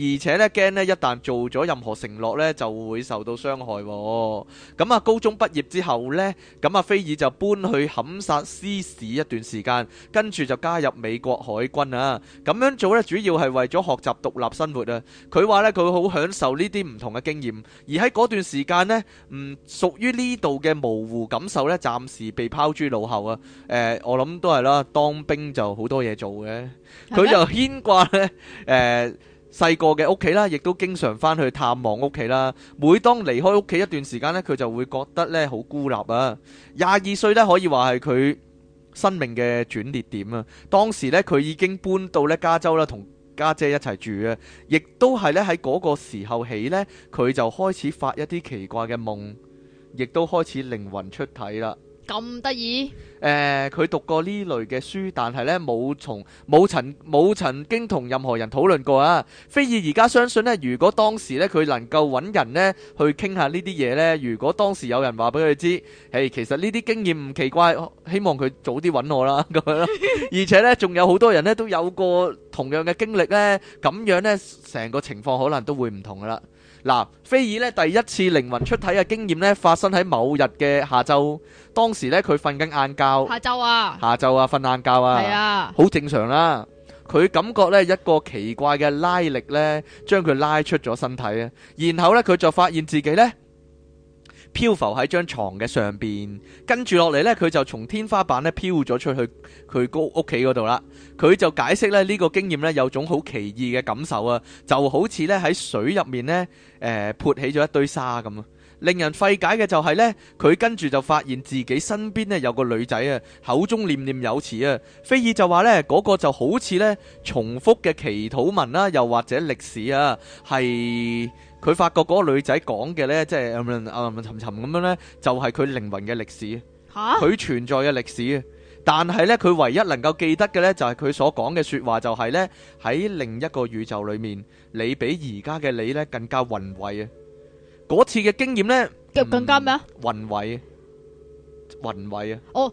而且咧，驚咧，一旦做咗任何承諾咧，就會受到傷害。咁啊，高中畢業之後呢，咁啊，菲爾就搬去坎薩斯市一段時間，跟住就加入美國海軍啊。咁樣做呢，主要係為咗學習獨立生活啊。佢話呢，佢好享受呢啲唔同嘅經驗。而喺嗰段時間呢，唔、嗯、屬於呢度嘅模糊感受呢，暫時被拋諸腦後啊。誒、呃，我諗都係啦，當兵就好多嘢做嘅。佢嗎就牽掛呢。誒、呃。 細個嘅屋企啦，亦都經常翻去探望屋企啦。每當離開屋企一段時間呢，佢就會覺得呢好孤立啊。廿二歲呢，可以話係佢生命嘅轉捩點啊。當時呢，佢已經搬到呢加州啦，同家姐一齊住啊。亦都係呢，喺嗰個時候起呢，佢就開始發一啲奇怪嘅夢，亦都開始靈魂出體啦。咁得意？誒，佢讀過呢類嘅書，但係咧冇從冇曾冇曾經同任何人討論過啊。菲爾而家相信咧，如果當時咧佢能夠揾人咧去傾下呢啲嘢咧，如果當時有人話俾佢知，誒，其實呢啲經驗唔奇怪。希望佢早啲揾我啦，咁樣咯。而且咧，仲有好多人咧都有過同樣嘅經歷咧，咁樣咧，成個情況可能都會唔同㗎喇。嗱，菲爾咧第一次靈魂出體嘅經驗咧，發生喺某日嘅下晝，當時咧佢瞓緊晏覺。下晝啊！下晝啊，瞓晏覺啊，係啊，好正常啦。佢感覺咧一個奇怪嘅拉力咧，將佢拉出咗身體啊，然後咧佢就發現自己咧。漂浮喺張床嘅上邊，跟住落嚟呢，佢就從天花板咧飄咗出去佢屋企嗰度啦。佢就解釋咧呢個經驗呢，有種好奇異嘅感受啊，就好似咧喺水入面呢，誒、呃、潑起咗一堆沙咁啊。令人費解嘅就係呢，佢跟住就發現自己身邊呢有個女仔啊，口中念念有詞啊。菲爾就話呢，嗰個就好似呢重複嘅祈禱文啦，又或者歷史啊，係佢發覺嗰個女仔講嘅呢，即係暗暗沉沉咁樣呢，就係佢靈魂嘅歷史，佢哈存在嘅歷史。但係呢，佢唯一能夠記得嘅呢，就係佢所講嘅說話，就係呢：「喺另一個宇宙裏面，你比而家嘅你呢更加宏偉啊！」嗰次嘅經驗呢，更加咩啊？宏偉，宏偉啊！哦，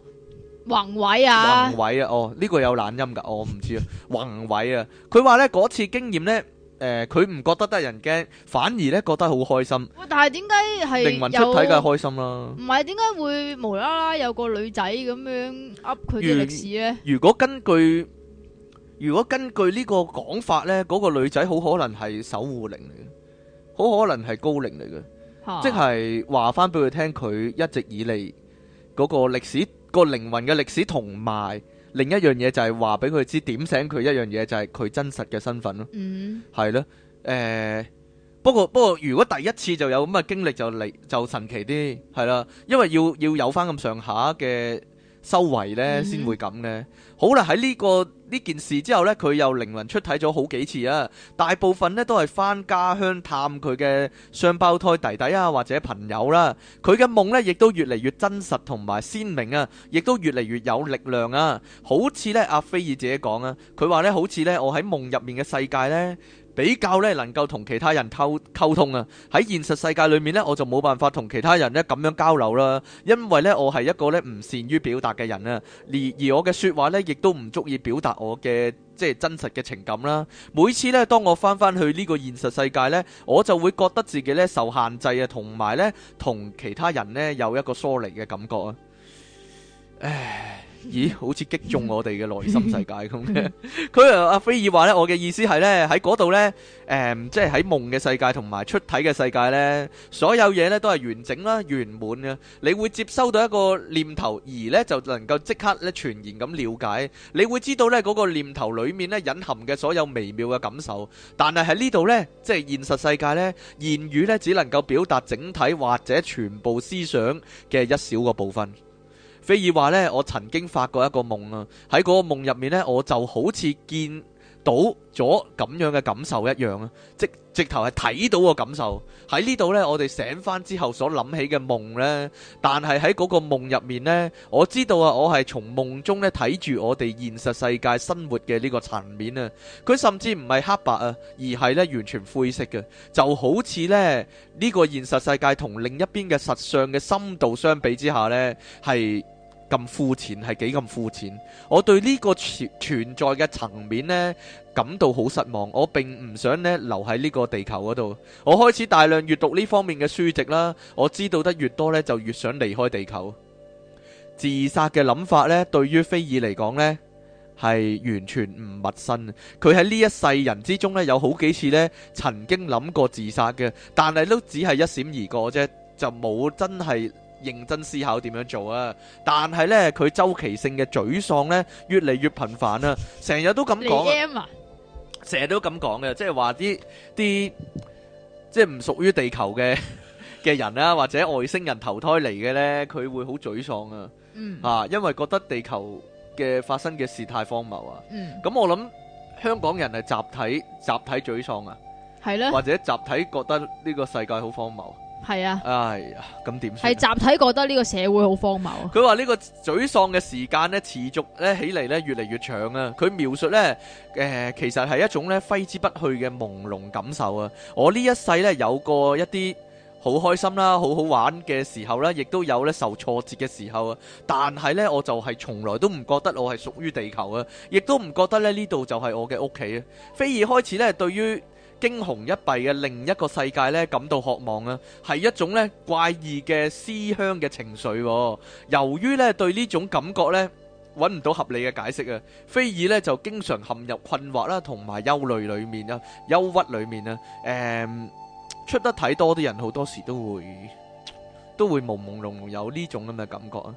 宏偉啊！宏偉啊！哦，呢個有懶音噶，我唔知啊。宏偉啊！佢話呢嗰次經驗呢，誒，佢唔覺得得人驚，反而呢覺得好開心。喂，但係點解係靈魂出體梗係開心啦？唔係點解會無啦啦有個女仔咁樣 up 佢嘅歷史呢？如果根據，如果根據呢個講法呢，嗰個女仔好可能係守護靈嚟嘅。好可能係高靈嚟嘅，啊、即係話翻俾佢聽，佢一直以嚟嗰個歷史，個靈魂嘅歷史，同埋另一樣嘢就係話俾佢知，點醒佢一樣嘢就係佢真實嘅身份咯，係咯，嗯，誒、呃、不過不過如果第一次就有咁嘅經歷就嚟就神奇啲係啦，因為要要有翻咁上下嘅。周圍呢先會咁呢。好啦，喺呢、呢個呢件事之後呢，佢又靈魂出體咗好幾次啊。大部分呢都係翻家鄉探佢嘅雙胞胎弟弟啊，或者朋友啦、啊。佢嘅夢呢亦都越嚟越真實同埋鮮明啊，亦都越嚟越有力量啊。好似呢，阿菲爾自己講啊，佢話呢，好似呢，我喺夢入面嘅世界呢。比較咧能夠同其他人溝溝通啊！喺現實世界裏面咧，我就冇辦法同其他人咧咁樣交流啦，因為咧我係一個咧唔善於表達嘅人啊！而而我嘅説話咧，亦都唔足以表達我嘅即係真實嘅情感啦。每次咧，當我返返去呢個現實世界咧，我就會覺得自己咧受限制啊，同埋咧同其他人咧有一個疏離嘅感覺啊！唉。咦，好似擊中我哋嘅內心世界咁嘅。佢阿阿菲爾話咧，我嘅意思係咧，喺嗰度咧，誒，即係喺夢嘅世界同埋出體嘅世界咧，所有嘢咧都係完整啦、圓滿嘅。你會接收到一個念頭，而呢就能夠即刻咧全然咁了解。你會知道呢嗰個念頭裏面咧隱含嘅所有微妙嘅感受。但係喺呢度咧，即係現實世界咧，言語咧只能夠表達整體或者全部思想嘅一小個部分。菲爾話呢，我曾經發過一個夢啊，喺嗰個夢入面呢，我就好似見到咗咁樣嘅感受一樣啊，即直頭係睇到個感受。喺呢度呢，我哋醒翻之後所諗起嘅夢呢。但係喺嗰個夢入面呢，我知道啊，我係從夢中呢睇住我哋現實世界生活嘅呢個層面啊。佢甚至唔係黑白啊，而係呢完全灰色嘅，就好似呢，呢個現實世界同另一邊嘅實相嘅深度相比之下呢，係。咁膚淺係幾咁膚淺？我對呢個存存在嘅層面呢感到好失望。我並唔想呢留喺呢個地球嗰度。我開始大量閱讀呢方面嘅書籍啦。我知道得越多呢就越想離開地球。自殺嘅諗法呢，對於菲爾嚟講呢，係完全唔陌生。佢喺呢一世人之中呢，有好幾次呢曾經諗過自殺嘅，但係都只係一閃而過啫，就冇真係。認真思考點樣做啊！但係咧，佢周期性嘅沮喪咧，越嚟越頻繁啊，成日都咁講，成日都咁講嘅，即係話啲啲即係唔屬於地球嘅嘅人啦，或者外星人投胎嚟嘅咧，佢會好沮喪啊！嗯啊，因為覺得地球嘅發生嘅事太荒謬啊！嗯，咁我諗香港人係集體集體沮喪啊，係咧，或者集體覺得呢個世界好荒謬。係啊，係啊、哎，咁點算？係集體覺得呢個社會好荒謬。佢話呢個沮喪嘅時間咧，持續咧起嚟咧越嚟越長啊。佢描述咧，誒、呃，其實係一種咧揮之不去嘅朦朧感受啊。我呢一世咧，有過一啲好開心啦，好好玩嘅時候啦，亦都有咧受挫折嘅時候啊。但係咧，我就係從來都唔覺得我係屬於地球啊，亦都唔覺得咧呢度就係我嘅屋企啊。菲爾開始咧，對於。驚鴻一瞥嘅另一個世界呢，感到渴望啊，係一種呢怪異嘅思鄉嘅情緒。由於呢對呢種感覺呢揾唔到合理嘅解釋啊，菲爾呢就經常陷入困惑啦，同埋憂慮裏面啦，憂鬱裏面啦，誒，出得睇多啲人，好多時都會都會朦朦朧朧有呢種咁嘅感覺啊。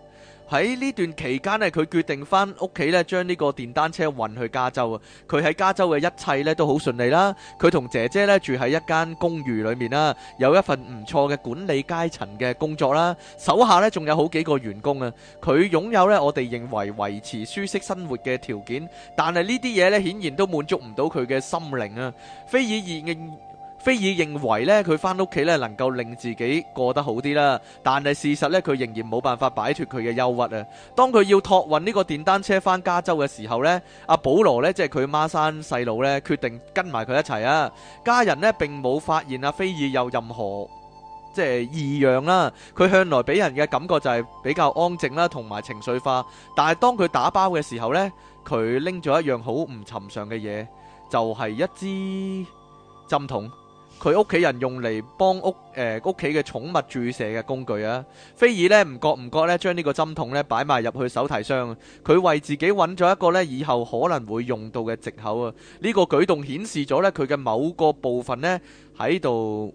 喺呢段期間咧，佢決定翻屋企咧，將呢個電單車運去加州啊。佢喺加州嘅一切咧都好順利啦。佢同姐姐咧住喺一間公寓裏面啦，有一份唔錯嘅管理階層嘅工作啦，手下咧仲有好幾個員工啊。佢擁有咧，我哋認為維持舒適生活嘅條件，但係呢啲嘢咧顯然都滿足唔到佢嘅心靈啊。菲爾現應。菲爾認為咧，佢翻屋企咧能夠令自己過得好啲啦。但係事實咧，佢仍然冇辦法擺脫佢嘅憂鬱啊。當佢要託運呢個電單車翻加州嘅時候咧，阿保羅咧即係佢孖生細路咧，決定跟埋佢一齊啊。家人呢，並冇發現阿菲爾有任何即係異樣啦。佢向來俾人嘅感覺就係比較安靜啦，同埋情緒化。但係當佢打包嘅時候呢，佢拎咗一樣好唔尋常嘅嘢，就係一支針筒。佢屋企人用嚟幫屋誒，屋企嘅寵物注射嘅工具啊，菲爾咧唔覺唔覺咧將呢個針筒咧擺埋入去手提箱，佢為自己揾咗一個咧以後可能會用到嘅藉口啊。呢個舉動顯示咗咧佢嘅某個部分咧喺度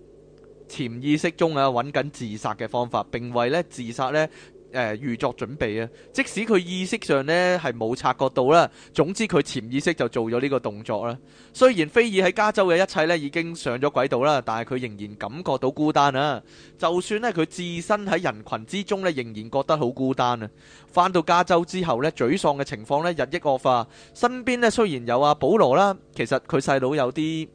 潛意識中啊揾緊自殺嘅方法，並為咧自殺咧。誒預作準備啊！即使佢意識上咧係冇察覺到啦，總之佢潛意識就做咗呢個動作啦。雖然菲爾喺加州嘅一切咧已經上咗軌道啦，但係佢仍然感覺到孤單啊！就算咧佢置身喺人群之中咧，仍然覺得好孤單啊！翻到加州之後呢，沮喪嘅情況咧日益惡化，身邊咧雖然有阿保羅啦，其實佢細佬有啲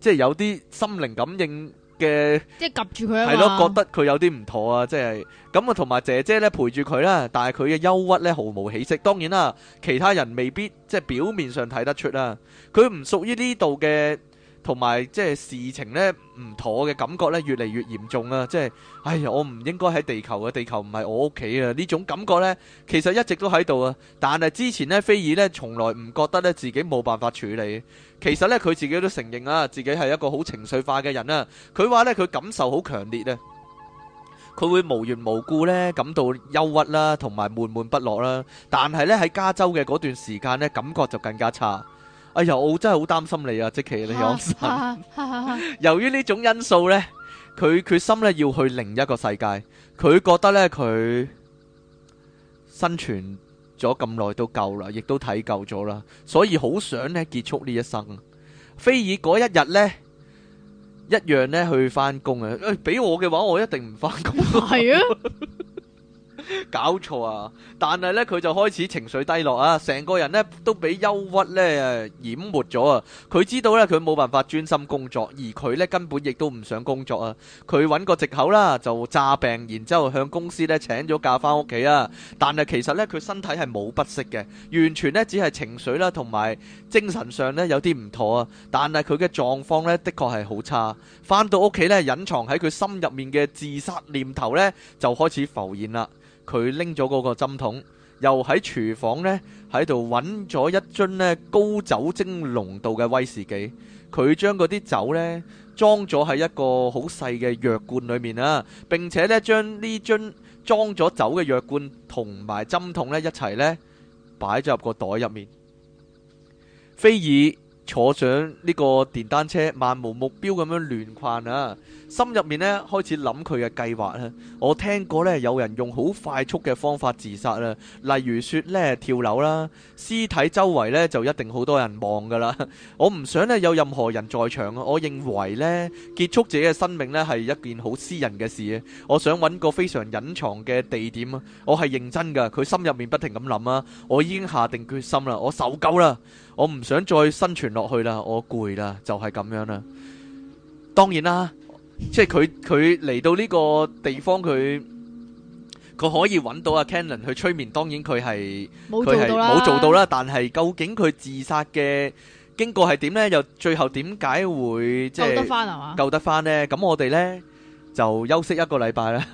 即係有啲心靈感應。嘅的即係睇住佢係咯，覺得佢有啲唔妥啊！即係咁啊，同埋姐姐咧陪住佢啦，但係佢嘅憂鬱咧毫無起色。當然啦，其他人未必即係表面上睇得出啦，佢唔屬於呢度嘅。同埋即係事情咧唔妥嘅感覺咧越嚟越嚴重啊！即係哎呀，我唔應該喺地球嘅，地球唔係我屋企啊！呢種感覺咧其實一直都喺度啊，但係之前咧，菲爾咧從來唔覺得咧自己冇辦法處理。其實咧佢自己都承認啊，自己係一個好情緒化嘅人啊。佢話咧佢感受好強烈啊，佢會無緣無故咧感到憂鬱啦，同埋悶悶不樂啦。但係咧喺加州嘅嗰段時間咧，感覺就更加差。哎呀，我真係好擔心你啊，即其你養神。由於呢種因素咧，佢決心咧要去另一個世界。佢覺得咧佢生存咗咁耐都夠啦，亦都睇夠咗啦，所以好想咧結束呢一生。菲爾嗰一日咧一樣咧去翻工啊！誒，俾我嘅話，我一定唔翻工。係啊。搞錯啊！但係呢，佢就開始情緒低落啊，成個人呢，都俾憂鬱呢淹沒咗啊。佢知道呢，佢冇辦法專心工作，而佢呢，根本亦都唔想工作啊。佢揾個藉口，啦就詐病，然之後向公司呢請咗假翻屋企啊。但係其實呢，佢身體係冇不適嘅，完全呢，只係情緒啦同埋精神上呢，有啲唔妥啊。但係佢嘅狀況呢，的確係好差，翻到屋企呢，隱藏喺佢心入面嘅自殺念頭呢，就開始浮現啦。佢拎咗嗰個針筒，又喺廚房呢喺度揾咗一樽呢高酒精濃度嘅威士忌，佢將嗰啲酒呢裝咗喺一個好細嘅藥罐裏面啊，並且呢將呢樽裝咗酒嘅藥罐同埋針筒呢一齊呢擺咗入個袋入面。菲爾，坐上呢個電單車，漫無目標咁樣亂逛啊！心入面呢開始諗佢嘅計劃啦。我聽過呢有人用好快速嘅方法自殺啦，例如說呢跳樓啦，屍體周圍呢就一定好多人望噶啦。我唔想呢有任何人在場啊！我認為呢結束自己嘅生命呢係一件好私人嘅事啊！我想揾個非常隱藏嘅地點啊！我係認真噶，佢心入面不停咁諗啊！我已經下定決心啦，我受夠啦。我唔想再生存落去啦，我攰啦，就係咁樣啦。當然啦，即係佢佢嚟到呢個地方，佢佢可以揾到阿 Kenan 去催眠。當然佢係冇做到啦，但係究竟佢自殺嘅經過係點呢？又最後點解會即係救得翻啊？救得翻咧？咁我哋呢，就休息一個禮拜啦。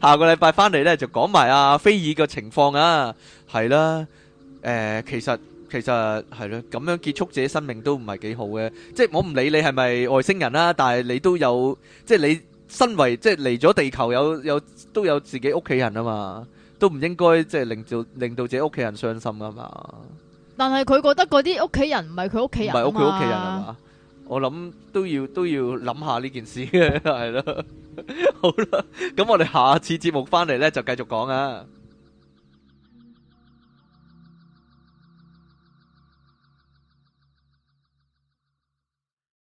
下個禮拜翻嚟呢，就講埋阿菲爾嘅情況啊。係啦，誒，其實。其實係咯，咁樣結束自己生命都唔係幾好嘅。即係我唔理你係咪外星人啦，但係你都有，即係你身為即係嚟咗地球有有都有自己屋企人啊嘛，都唔應該即係令，令到令到自己屋企人傷心啊嘛。但係佢覺得嗰啲屋企人唔係佢屋企人，唔係屋企屋企人係嘛？我諗都要都要諗下呢件事嘅，係咯。 是的 好啦，咁我哋下次節目翻嚟咧就繼續講啊。